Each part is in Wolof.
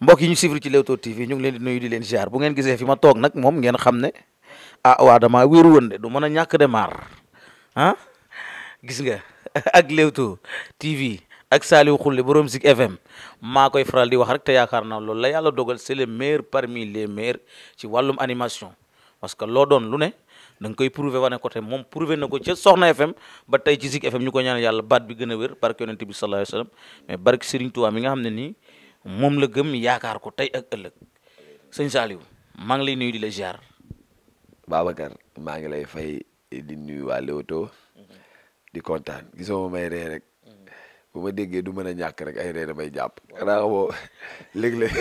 mbokk yi ñu suivre ci Leewtoo TV ñu ngi leen di nuyu di leen ziar bu ngeen gisee fi ma toog nag moom ngeen xam ne ah waa damaa wéeru woon de du mën a ñàkk de maar ah gis nga ak Leewtoo TV ak Saliou Khoule borom Zik FM maa koy faral di wax rek te yaakaar na loolu la yàlla dogal c'est le meilleur parmi les meilleurs ci wàllum animation parce que loo doon lu ne da nga koy prouver wane côté moom prouver na ko ca Soxna FM ba tey ci Zik FM ñu ko ñaanal yàlla baat bi gën a wér barke yonent bi sallallahu alayhi wasallam mais barke Serigne Touba mi nga xam ne nii. moom la gëm yaakaar ko tey ak ëllëg sëñ Saliou maa ngi lay nuy di la ziar. Babacar maa ngi lay fay di nuyu waa Leewtoo di kontaan gisoo may ree rek bu déggee du mën a ñàkk rek ay ree damay jàpp xanaa xamoo léeg-léeg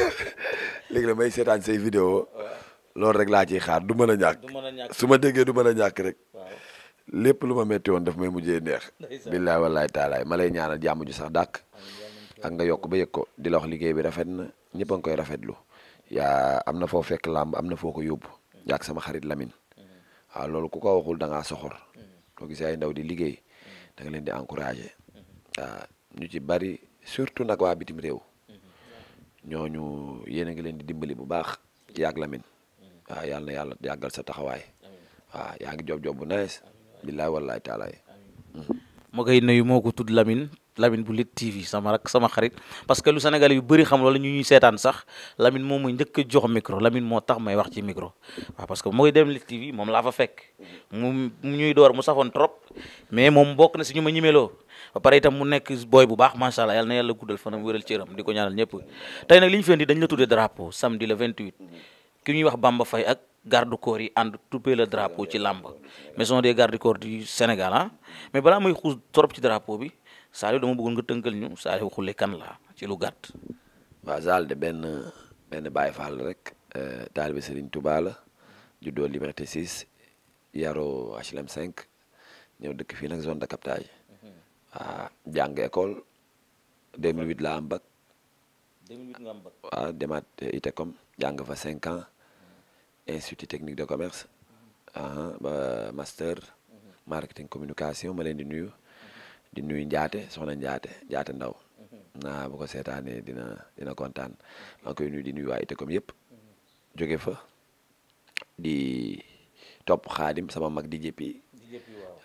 léeg may seetaan say loolu rek laa ciy xaar du mën a ñàkk su ma déggee du mën a ñàkk rek lépp lu ma metti woon daf may mujjee neex billaay wallaay taalaay ma lay ñaanal jàmm ju sax dàkk ak nga yokk ba yëg ko di liggéey bi rafet na ñëpp a ngi koy rafetlu yaa am na foo fekk làmb am na foo ko yóbbu yaak sama xarit lamin mm-hmm. waaw loolu ku ko waxul danga ngaa soxor soo mm-hmm. gisee ay ndaw di liggéey danga leen di encouragé waaw mm-hmm. ñu ci bari surtout nag waa bitim réew ñooñu yéen a ngi leen di dimbali bu baax yaak Lamine waaw yàlla na yàlla yàggal sa taxawaay waaw yaa ngi job job bu nice billaay wallaay taalaay ma koy nuyu moo ko tudd Lamine Lamine bu Lutte TV sama rak sama xarit parce que lu Sénégal yu bëri xam wala ñu ñuy seetaan sax Lamine moom mooy njëkk a jox micro Lamine moo tax may wax ci micro waaw parce que mooy dem Lutte TV moom laa fa fekk mu ñuy door mu safoon trop mais moom bokk na si ñu ma ñimeloo ba pare itam mu nekk booy bu baax macha allah yàlla na yàlla guddal fanam wéral cëram di ko ñaanal ñëpp tey nag li ñu fi indi dañ la tuddee drapeau samedi le 28 ki ñuy wax Bamba fay ak garde corps yi ànd tuppee le drapeau ci làmb maison des garde corps du Sénégal ah mais balaa muy xuus trop ci drapeau bi Saliou dama bëggoon nga tënkal ñu Saliou Khoulé kan la ci lu gàtt. waaw Sall de benn benn Baye rek euh, taalibe Serigne Touba la juddoo Liberté 6 yaroo HLM 5 ñëw dëkk fii nag zone de captage mhm. waaw jàng école 2008 laa am bac. 2008 nga am bac waaw fa 5 ans mhm. institut technique de commerce. Mhm. Ah, ba master. marketing communication ma leen di nuyu. di nuyu Njaate soxna Njaate Njaate Ndaw naa bu ko seetaanee dina kontaan koy nuyu di nuyu waa Ité comme fa di topp xaadim sama mag di jëppi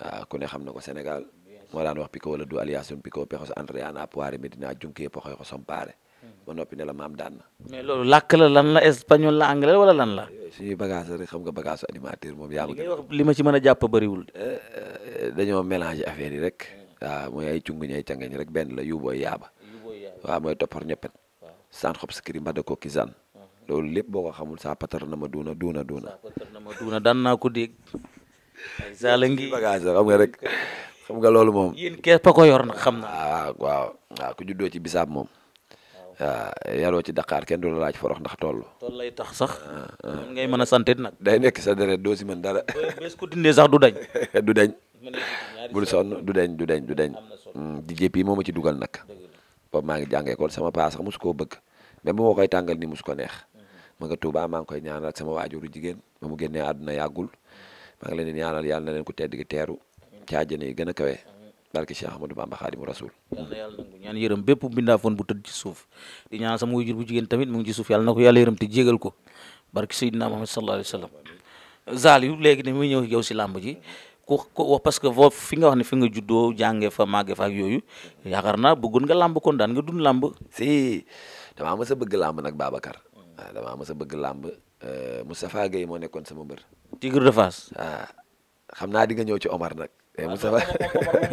waaw ku xam na ko Sénégal moo daan wax piko wala du aliasun piko pexos andréana poire a junkee poxoy ko sompaare ba noppi ne la maam daan na mais loolu lakk la lan la espagnol la anglais wala lan la eh, suñu bagage rek xam nga bagage animateur moom yaa li ma ci mën a jàpp bariwul eh, eh, dañoo mélanger affaire yi rek waaw ah, mooy ay cunguñ ay cangeñ rek benn la yubooy yaaba waaw mooy toppar ñoppet san xob sikiri mbada ko kisaan mhm. loolu lépp boo xamul saa patar na ma duuna duuna duuna ma duuna daan naa ko dégg ay saala ngi bagage xam nga rek xam nga loolu moom yéen kepp yor nag xam na ah, waaw waaw waaw ci bisaab moom waaw ah, yaroo ci Dakar kenn du la laaj forox ndax toll. toll lay tax sax. ngay mën a santit nag. day nekk sa deret doo si mën sax du dañ. du dañ. bul sonn du deñ du deñ du deñ di jëpp yi moo ma ci dugal nag boobu maa ngi jàng école sama paa sax mosu koo bëgg même bu ma koy tàngal ni mosu ko neex mhm. ma nga Tuubaa maa ngi koy ñaanal sama waajuru jigéen ba mu génnee àdduna yàggul maa ngi leen di ñaanal yàlla na leen ko tedd gi teeru ci àjjana yi gën a kawe barke Cheikh Ahmadou Bamba Xaadimu Rasuul yàlla na yàlla nangu ñaan yërëm bépp bu tëdd suuf di ñaan sama waajur bu jigéen tamit mu ngi ci suuf yàlla na ko yàlla yërëm te jégal ko barke Seydina Muhammad sallallahu alayhi wa sallam zaal yu léegi ne muy ñëw yow si làmb ji ku ko parce que foofu fi nga wax ne fi nga juddoo jàngee fa màggee fa yooyu yaakaar naa bëggoon nga lamb kon daan nga dund làmb si damaa mës a bëgg lamb nag Babacar waaw ah, damaa mës a bëgg làmb euh, Moustapha Gueye moo nekkoon sama mbër Tigre de Fass ah, xam naa di nga ñëw ci Omar nag eh, ah, Moustapha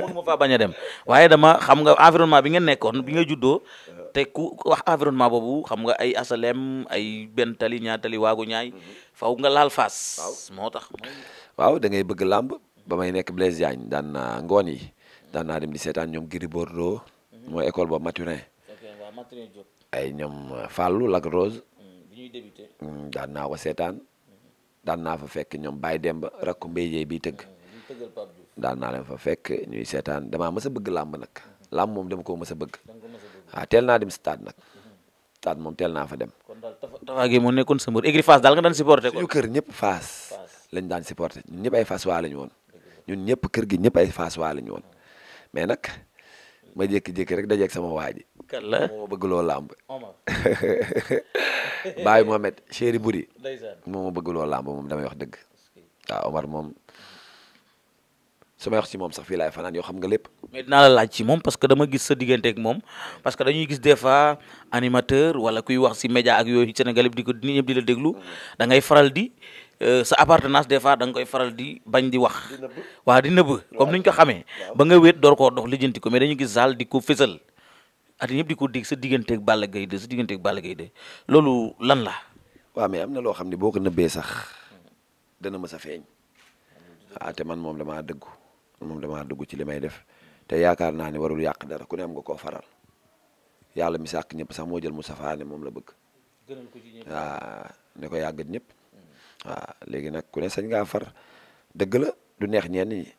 mun ma faa bañ a dem waaye dama xam nga environnement bi nga nekkoon bi nga juddoo euh. te ku wax environnement boobu xam nga ay asalem ay benn tali ñaatali tali waagu ñaay mhm. faw nga laal Fass moo tax waaw da bëgg làmb ba may nekk Blaise Diagne daan naa ngoon yi daan naa dem di seetaan ñoom Gris Bordeaux mhm. mooy école ba Maturin ay ñoom euh, Fallou Lac Rose mm, mm, daan naa ko seetaan mhm. daan naa fa fekk ñoom Baye Demba rakku Mbaye Dieye bi tëgg mm, daan na leen fa fekk ñuy seetaan damaa mës a bëgg làmb nag mhm. làmb moom dama ko mës a bëgg waaw ah, teel naa dem stade nag stade moom teel naa fa dem. kon daal Tapha Gueye moo nekkoon sa mbër écurie Fass daal nga daan supporté ko. kër ñëpp Fass lañ daan supporté ñun ñëpp ay Fass waa lañu woon. ñun ñëpp kër gi ñëpp ay Fass waa la ñu woon mais nag ma jékki-jékki rek dajeeg sama waa ji. kan la moo bëgg loo làmb. Baye Mohamed chéri Buri. moom moo bëgg loo làmb moom damay wax dëgg. waaw Omar moom su may wax ci moom sax fii laay fanaan yoo xam nga lépp. mais dinaa la laaj ci moom parce que dama gis sa digganteek moom parce que dañuy gis des fois animateur wala kuy wax ci média ak yooyu Sénégal yëpp di ko nit di la déglu mm-hmm. da ngay faral di. Euh, sa appartenance des fois da nga koy faral di bañ di wax waaw di nëbb comme ni ñu ko xamee ba nga wéet door koo dox lijjanti ko mais dañu gis Zal di ko fësal at ñëpp di ko digg sa digganteeg Balla Gaye sa digganteeg Balla Gaye loolu lan la waaw mais am na loo xam ne boo ko nëbbee sax dana mës a feeñ ah te man moom damaa dëggu moom damaa dëggu ci li may def te yaakaar naa ne warul yàq dara ku ne am nga koo faral yàlla mi sàkk ñëpp sax moo jël Moustapha ne moom la bëgg waaw ah, ne ko yàggat ñëpp waaw léegi nag ku ne sañ ngaa far dëgg la du neex ñenn ñi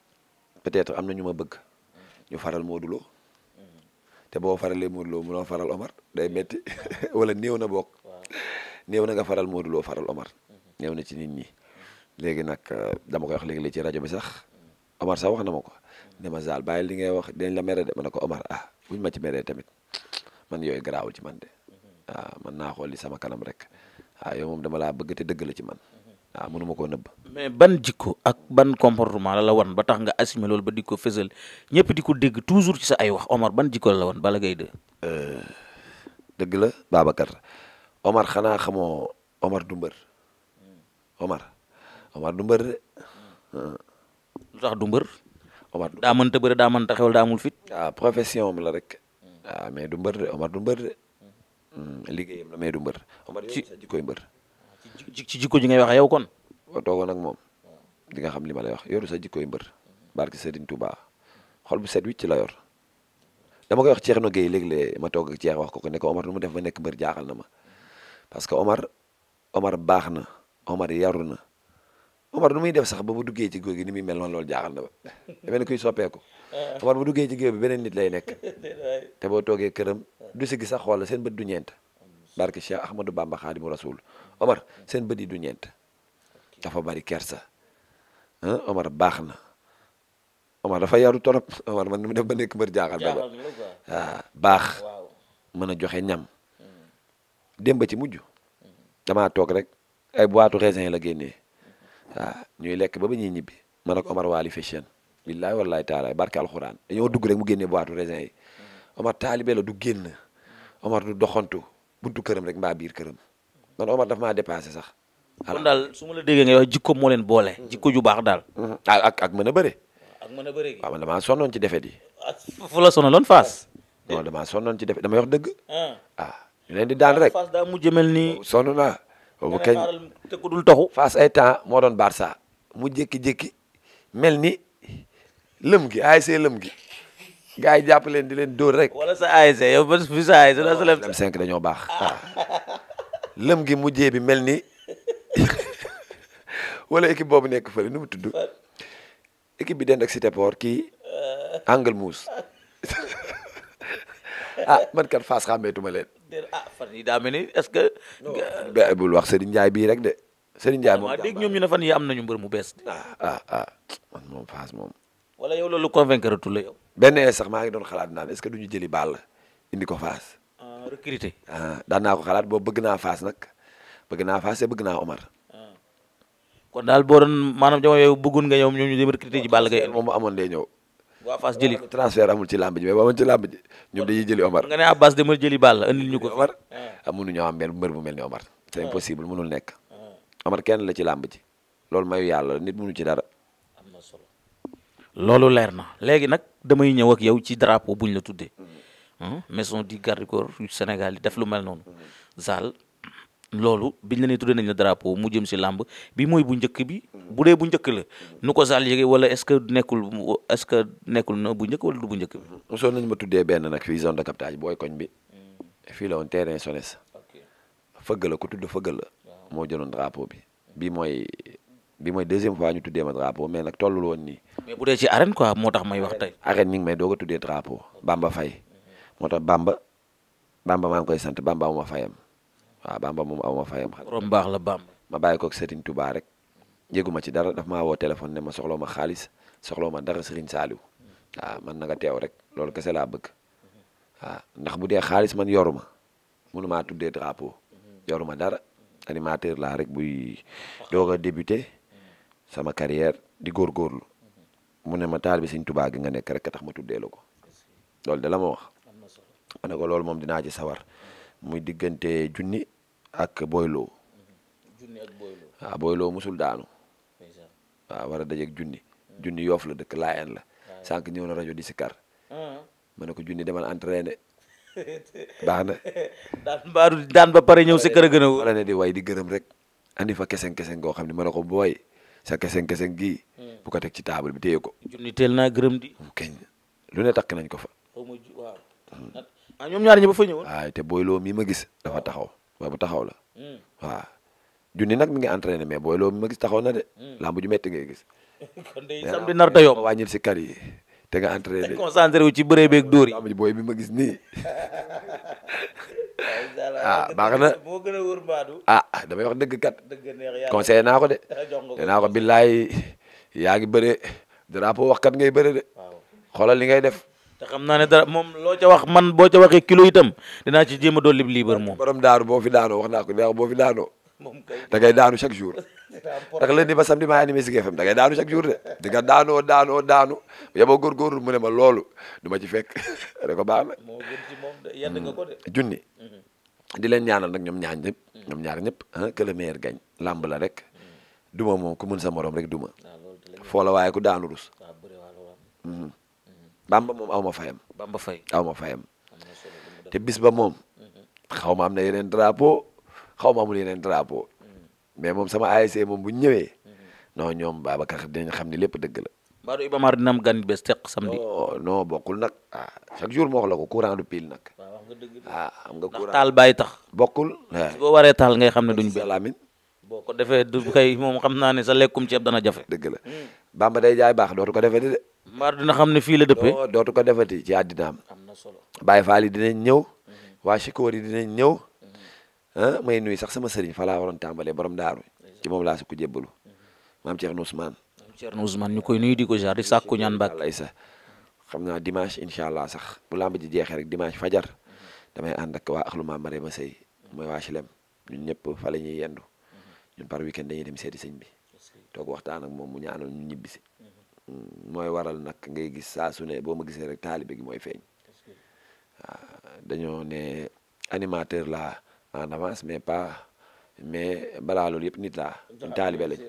peut-être am na ñu ma bëgg ñu faral mooduloo mm-hmm. te boo faralee Modou Lo munoo faral Omar day metti wala néew na bokk néew na nga faral mooduloo Lo faral Omar mm-hmm. néew na ci nit ñi mm-hmm. léegi nag euh, dama koy wax léegi li ci rajo bi sax Omar sax wax na ma ko ne ma Zal bàyyi li ngay wax dañ la mere de ma ne ko Omar ah buñ ma ci meree tamit man yooyu garaawul ci man de waaw ah, man naa xool li sama kanam rek waaw ah, moom dama laa bëgg te dëgg la ci man. waaw ah, mënu ma koo nëbb. mais ban jikko ak ban comportement la la wan ba tax nga assumer loolu ba di ko fësal ñëpp di ko dégg toujours ci sa ay wax Omar ban jikko la la wan Balla Gaye 2. Euh, dëgg la Babacar Omar xanaa xamoo Omar du mbër Omar Omar du mbër de. Hmm. lu tax du mbër. Omar daa mënta bëre daa mënta xewal daa amul fit. waaw ah, profession am la rek. waaw ah, mais du mbër de Omar du mbër de. Hmm, liggéeyam la mais du mbër. ci jikko ji ngay wax yow kon. boo toogoon ak moom di nga xam li ma lay wax yoru sa jikkoy mbër barke Serigne Touba xol bu set wicc la yor dama koy wax Thierno géey léeg-léeg ma toog ak wax ko ko ne ko def ba nekk mbër jaaxal na ma parce que Omar Omar baax na Omar yaru na Omar nu muy def sax ba bu duggee ci góor gi ni muy mel noonu loolu jaaxal na ba dama ne kuy soppeeku Omar bu duggee ci góor bi beneen nit lay nekk te boo toogee këram du si gi sax xool seen bët du ñeent barke Cheikh du Bamba Khadimu Rasoul Omar seen bët yi du ñeent dafa bari kersa ah Omar baax na Omar dafa yaru torop Omar man nu mu def ba nekk mbër jaaxal ba ah, waaw baax mën a joxe ñam mm. démb ci mujj mm. damaa toog rek ay boitu raisin la génnee waaw ah, ñuy lekk ba ba ñuy ñibbi man ak Omar Waly Fashion billaay wallaay taalaay barke alxuraan dañoo dugg rek mu génnee boitu resin yi mm. Omar taalibe la du génn Omar du doxantu buntu këram rek mbaa biir këram man Omar daf maa dépassé sax. kon daal su ma la déggee ngay jikko moo leen boole. Hmm. jikko ju baax daal. Hmm. Ah, ak ak mën a bëre. ak mën a bëre gi waaw man ci defet yi. fu la sonaloon Fass. non damaa sonnoon ci defet damay wax dëgg. Hmm. ah ñu leen di daan rek Fass daa mel ni. Oh, sonn naa. boobu kañ te ku dul taxu. ay temps moo doon baar Barça mu jékki-jékki mel ni lëm gi ASC lëm gi. gars yi jàpp leen di leen dóor rek. wala sa ASC yow ba sa ASC. waaw waaw dañoo baax ah. Ah. lëm gi mujjee bi mel ni wala équipe boobu nekk fële nu mu tudd équipe bi dend ak Cité Port kii Angle Mousse ah man kat Fass xàmmeetuma leen. ah fan yii daa mel ni est-ce que. non bul wax Serigne Ndiaye bii rek de. Serigne Ndiaye moom dégg ñoom ñu ne fan yii am nañu mbër mu bees. ah ah, ah. moom Fass moom. wala yow loolu convaincre la benn sax maa ngi doon xalaat naan est-ce que du ñu jëli baal indi ko faas recruter ah, daan naa ko xalaat boobu bëgg naa Fass nag bëgg naa Fass te bëgg naa Omar. Ah. kon daal boo doon maanaam jamono yooyu bëggoon nga ñoom ñoom ñu dem recruter ji Balla Gaye moom bu amoon day ñëw. waa Fass jëli transfert amul ci làmb ji mais boo ci làmb ji ñoom dañuy jëli Omar. nga ne Abbas demal jëli Balla andil ñu ko. Omar ah. mënuñoo am benn mbër bu mel ni Omar. c'est impossible mënul Omar kenn la ci làmb ji loolu mayu yàlla nit mënu ci dara. am na solo loolu leer na léegi nag damay ñëw ak yow ci drapeau la tuddee. Mm-hmm. Hmm? maison du garde corps yu Sénégal yi def lu mel noonu zaal loolu biñ na ne tuddee nañ la drapeau mu jëm si làmb bi mooy bu njëkk bi bu dee bu njëkk la nu ko saal yëgee wala est-ce que nekkul est-ce que nekkul na bu njëkk wala du bu njëkk bi nañ ma tuddee benn nag fii zone de koñ bi hmm. fii terrain sones fëgg ku tudd fëgg la moo jëloon drapeau bi bi mooy bi mooy deuxième fois ñu tuddee ma drapeau mais nag tollul woon nii mais bu dee ci arène quoi moo tax may wax tey arène mi ngi may doog tuddee drapeau Bamba Faye moo tax Bamba Bamba maa ngi koy sant Bamba awma fayam waaw Bamba moom awma fayam. borom baax la Bamba. ma bàyyi ko Serigne Touba rek yëguma ci dara daf ma woo téléphone ne ma soxla ma xaalis soxla ma dara Serigne Saliou man nanga teew rek loolu kese laa bëgg waaw ndax bu dee xaalis man yoruma mënumaa tuddee drapeau yoruma dara animateur laa rek buy doog a sama carrière di góorgóorlu mu ne ma taal bi Serigne Touba gi nga nekk rek tax ma tuddee la ko loolu la ma wax. ma ne ko loolu moom dinaa ci sawar muy diggante junni ak boyloo. junni ak boyloo. waaw boyloo musul daanu. waaw war a dajeeg junni. junni yoof la dëkk laayeen la. sànq ñëw na rajo di Sikar. Ah. ma ne ko junni demal entraîné. baax na. daan ba pare ñëw Sikar a gën a wóor. di way di gërëm rek. andi fa keseng keseng goo xam ne ma ne ko boy sa keseng keseng gi hmm. bu ko teg ci table bi téye ko. junni teel naa gërëm di. lu ne takk nañ ko fa. ah ñoom ñaar ñi ba fa ñëwoon. Ah, te booyloo mii ma gis dafa taxaw mooy bu taxaw la. Hmm. waaw junni nag mi ngi entraîné mais booyloo mii ma gis taxaw na de. Hmm. lamb ju metti ngay gis. kon day samedi ah, nar ta wàññil si kar yi te nga entraîné. concentré wu ci bëree beeg dóor yi. lamb booy bi ma gis nii. ah baax na moo gën a wër mbaadu. Ah, damay wax dëgg kat. conseillé naa ko de. te naa ko billaay yaa ngi bëre drapeau wax ngay bëre de. xoolal li ngay def. te xam naa ne dara moom loo ca wax man boo ca waxee kilo itam dinaa ci jéem a dolli liibar moom. borom daaru boo fi daanoo wax naa ko neex boo fi daanoo. moom da ngay daanu chaque jour. ndax lundi ba samedi maa animé Zik FM da ngay daanu chaque jour de. di nga daanoo daanoo daanu yaba góorgóorlu mu ne ma loolu du ma ci fekk ko baax moo moom de yedd nga ko de. Mm. junni mm-hmm. di leen ñaanal nag ñoom ñaar ñëpp. Mm. ñoom ñaar ñëpp ah que le la rek. Mm. duma moom ku mën sa morom rek duma. Ah, foo la waaye ku daanu rus. Ah, bamba moom aw ma te bis ba moom. Mm-hmm. xaw ma am na yeneen drapeau xaw ma amul yeneen drapeau. Mm-hmm. mais moom sama ASC moom bu ñëwee. Mm-hmm. non ñoom Babacar dinañ xam ni lépp dëgg la. Badou Iba Mar dina am gan bés teq samedi. non non bokkul nag ah chaque jour moo la ko courant du nag. waaw nga dëgg ah am nga courant ndax taal tax. bokkul waaw ah. waree taal ngay xam ne duñ. salaamin boo ko defee du kay moom xam naa ne sa lekkum ceeb dana jafe. dëgg la mm. Bamba day jaay baax dootu ko defee de. maar dina xam ne fii la dëppee. dootu ko defati ci àddinaam. am na solo Baye Fall yi dinañ ñëw. Mhm. waa Chikoor yi dinañ ñëw. Mhm. ah may nuyu sax sama sëriñ fa laa waroon tàmbalee borom daaru ci moom laa su ko jébbalu mhm. maam Thierno Ousmane. maam Thierno Ousmane ñu koy nuyu di ko jaar di sàkku ñaan mbàkk. xam naa dimanche incha allah sax bu lamb ji jeexee rek dimanche fajar damay ànd ak waa axlu maam ma Sey mooy waa Chilem ñun ñëpp fa la ñuy yendu ñun par weekend dañuy dem seeti sëñ bi toog waxtaan ak moom mu ñaanal ñu ñibbisi. mooy waral nag ngay gis saa su ne boo ma gisee rek taalibe gi mooy feeñ ah, dañoo ne animateur la en avance mais pas mais balaa loolu yëpp nit laa ñu taalibe lañ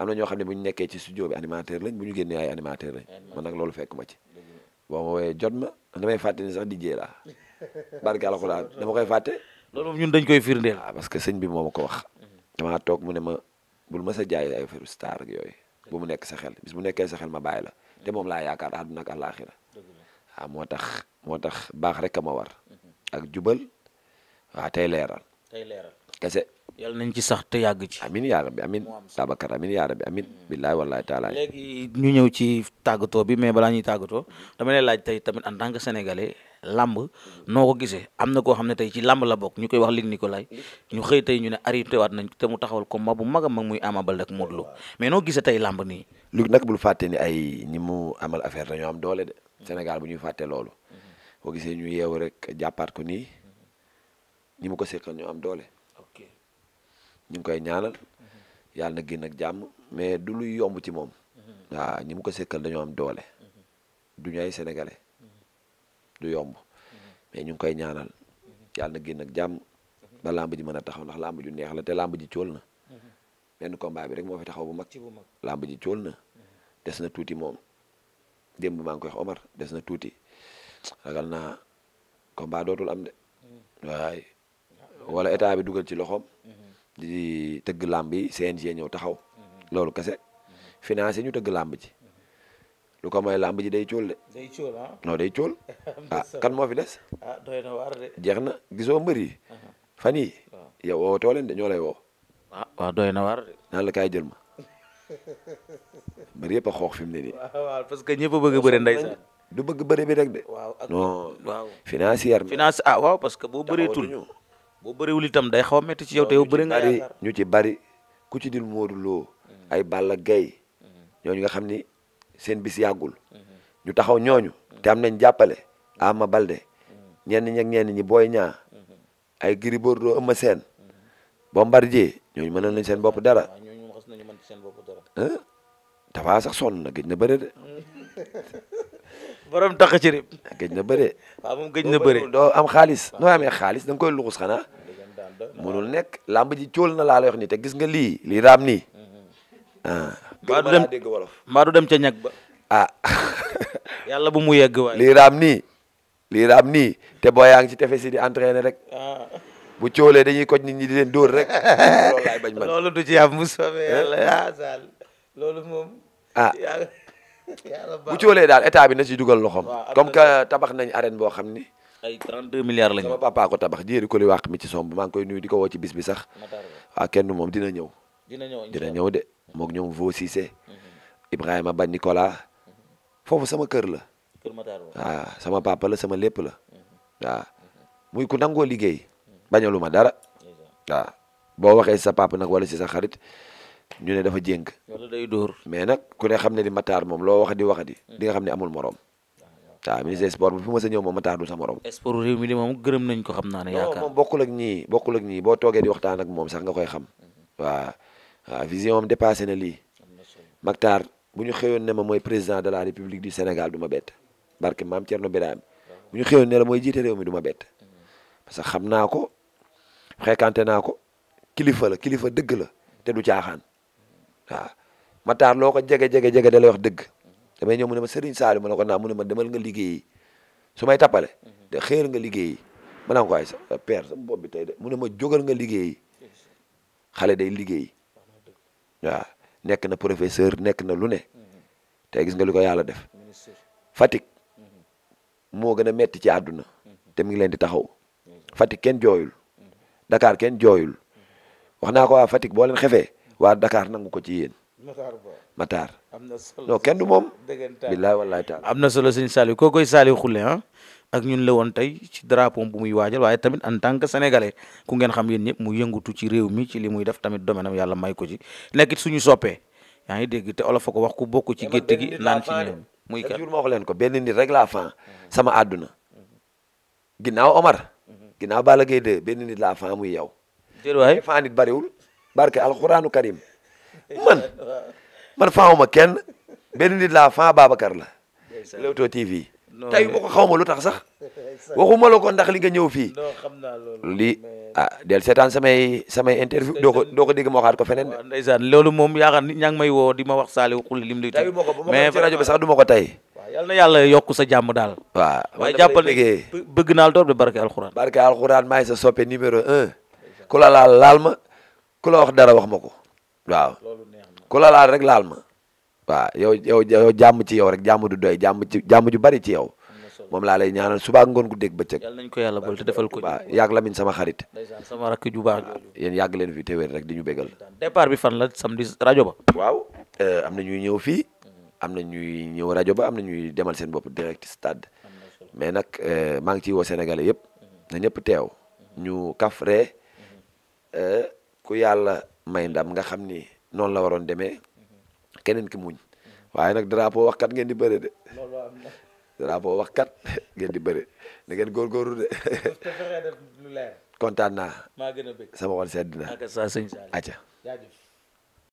am ñoo xam ne bu nekkee ci studio bi animateur lañ bu ñu génnee ay animateur lañ man nag loolu fekk ma ci boo ma jot ma damay fàtte ni sax dijjee laa barke alxuraan dama koy fàtte loolu moom ñun dañ koy firndeel ah parce que sëñ bi moom ma ko wax mm-hmm. damaa toog mu ne ma bul ma sa jaay ay affaire yooyu bu mu nekk sa xel bis bu nekkee sa xel ma bàyyi la mm-hmm. te moom laa yaakaar àdduna ak àllaaxira waaw moo tax moo tax baax rek a ma war mm-hmm. ak jubal waaw tey leeral tey leeral kese yàlla nañ ci sax te yàgg ci amin yaa rabbi amin Babacar amin yaa rabbi amin mm-hmm. billaahi wallaahi taala léegi ñu ñëw ci tàggatoo bi mais balaa ñuy tàggatoo dama lay laaj tey tamit en que sénégalais làmb noo ko gisee am na koo xam ne tey ci làmb la bokk ñu koy wax Luc Nicolaï ñu xëy tey ñu ne arrêté waat nañ te mu taxawal combat bu mag a mag muy Ama Baldé ak Modou Lo mais noo gisee tey làmb nii. Luc nag bul fàtte ni ay ñi mu amal affaire dañoo am doole Sénégal bu ñuy fàtte loolu mhm. boo gisee ñu yeewu rek jàppaat ko nii mhm. ñi mu ko seqal ñoo am doole. ok ñu ngi koy ñaanal mhm. yàlla na génn ak jàmm mais du luy yomb ci moom. waa ñi mu ko seqal dañoo am doole. duñu ay sénégalais. du yomb mais ñu ngi koy ñaanal yàlla na génn nag jàmm ba lamb ji mën a taxaw ndax lamb ju neex la te lamb ji cool na benn combat bi rek moo fi taxaw bu mag ci bu mag lamb ji cool na des na tuuti moom démb maa ngi koy wax Omar des na tuuti ragal ko combat dootul am de waaye wala état bi dugal ci loxoom di tëgg lamb yi CNG ñëw taxaw loolu kese financé ñu tëgg lamb ji lu ko mooy làmb ji day cool de. day cool ah. non day cool. ah kan moo fi des. ah na waar de. jeex gisoo mbër yi. fan yii. woo too de ñoo lay woo. ah waaw doy na waar de. naan la kaay jël ma. mbër yëpp xoox fi mu ne nii. que ñëpp bëgg a bëri bëgg bëri bi rek de. waaw ak non waaw. finance ah parce que boo bëreetul. boo bëriwul itam day xaw a métti ci yow te yow bëri nga. ñu ci bari ku ci dil Modou Lo mm. ay Balla Gaye mm. ñooñu nga xam ni seen bis yàggul ñu taxaw ñooñu te am nañ jàppale Ama Baldé ñenn ñi ak ñenn ñi boor Niang am Gris Bordeaux Eumeu Sène Bombardier ñooñu mënal nañ seen bopp dara Tapha sax sonn na gëj na bëre de. borom tax ci rib gëj na bëre. waaw moom gëj na bëre doo am xaalis noo amee xaalis da koy luxus xanaa. mënul nekk làmb ji cóol na laa lay ni te gis nga lii lii raam nii mhm. ah. mbaa du dem dégg wolof mbaa dem ca ñag ba ah yàlla bu mu yegg waay lii raam nii lii raam nii te boo yaa ngi ci tefe si di entraîner rek ah. bu coolee dañuy koj nit ñi di leen rek loolu laay bañ man loolu mu soobee eh? yàlla ah Sall loolu moom ah bu coolee daal état bi na ci dugal loxoom comme que tabax nañ arène boo xam ni ay 32 milliards lañ sama papa ko tabax jéeri ko li mi ci somb maa ngi koy nuyu di ko woo ci bis bi sax waaw ah, kenn moom dina ñëw dina ñëw dina ñëw de mook ñoom Vaux Cissé mhm. Ibrahima Ba Nicolas mhm. foofu sama kër la. kër ah, sama papa la sama lépp la mhm. Ah. muy ku nangoo liggéey bañalu ma dara ah. boo waxee sa papa nag wala si sa xarit ñu ne dafa jéng. wala day dóor mais nag ku ne xam ne di Matar moom loo wax di wax di dinga xam ne amul morom. waaw ministre sport bi fu ma sa ñëw moom Matar du sa morom. sport réew mi de moom gërëm nañ ko xam naa ne. yaakaar moom bokkul ak ñii bokkul ak ñii boo toogee di waxtaan ak moom sax nga koy xam waaw. waaw vision am dépassé na lii Mactar bu ñu xëyoon ne ma mooy président de la république du Sénégal duma ma bett barke maam Thierno Birame bu ñu xëyoon ne la mooy jiite réew mi du ma bett mm-hmm. parce que xam naa ko xekkante naa ko kilifa la kilifa dëgg la te du caaxaan waaw Mactar loo ko jege jege jege da lay wax dëgg damay ñëw mu ne ma Serigne Saliou ma ne ko naa mu ne ma demal nga liggéey su may tappale mm-hmm. de xëyal nga liggéey ma ne ko sa père sa bopp bi tey de mu ne ma jogal nga liggéeyi xale day liggéeyi. waaw nekk na professeur nekk na lu ne te gis nga lu ko yàlla def fatik moo gën a metti ci àdduna te mu ngi leen di taxaw fatik kenn joyul Dakar kenn jooyul wax naa ko waa Fatick boo leen xefee waa Dakar nangu ko ci yéen Matar non kenn du moom billaay wallaay taala am na solo sëñ Saliou koo koy Saliou Khoulé ah ak ñun la woon tey ci drapeau bu muy waajal waaye tamit en tant que sénégalais ku ngeen xam yen ñëpp mu yëngutu ci réew mi ci li muy def tamit domaine am may ko ci nekkit suñu soppee yaa ngi dégg te olof a ko wax ku bokk ci gétt gi naan ci ñoom muy kat jour ma wax leen ko benn nit rek laa fan mhm. sama àdduna mhm. ginnaaw Omar mhm. ginnaaw Balla Gaye benn nit muy yow waay fan nit bariwul barke alxuraanu karim man man fanuma kenn benn nit laa fan Babacar la tey bu ko xaw ma lu tax sax waxuma la ko ndax li nga ñëw fii li ah del seetaan samay samay interview doo ko doo ko ma ko feneen de ndeysaan loolu moom yaakaar nit ñaa ngi may woo di ma wax saali xulli lim luy mais ci rajo bi sax du ma ko tey yal na yàlla yokk sa jàmm daal waaw waaye jàppal ne bëgg naal door bi barke alxuraan barke alxuraan maay sa soppe numéro un ku la laal laal ma ku la wax dara wax ma ko waaw ku la laal rek laal ma waaw yow yow yow jàmm ci yow rek jàmm du doy jàmm ci jàmm ju bari ci yow moom laa lay ñaanal suba ngoon gu dégg bëccëg yàlla nañ ko yàlla bool te defal ko waaw yàgg sama xarit ndeysaan sama rakk ju baax yéen yàgg leen fi téwéer rek di ñu bégal départ bi fan la samedi rajo ba waaw euh, am na ñuy ñëw fii am na ñuy ñëw rajo ba am na ñuy demal seen bopp direct stade mais nag euh, maa ngi ciy woo sénégalais yëpp na ñëpp teew ñu kaf ree mhm. euh, ku yàlla may ndam nga xam ni noonu la waroon demee keneen ki muñ waaye nag drapeau wax kat ngeen di bëre de drapeau wax kat ngeen di bëre na ngeen góorgóorlu de. kontaan naa. maa gën a bëgg sama wàll sedd na. ak saa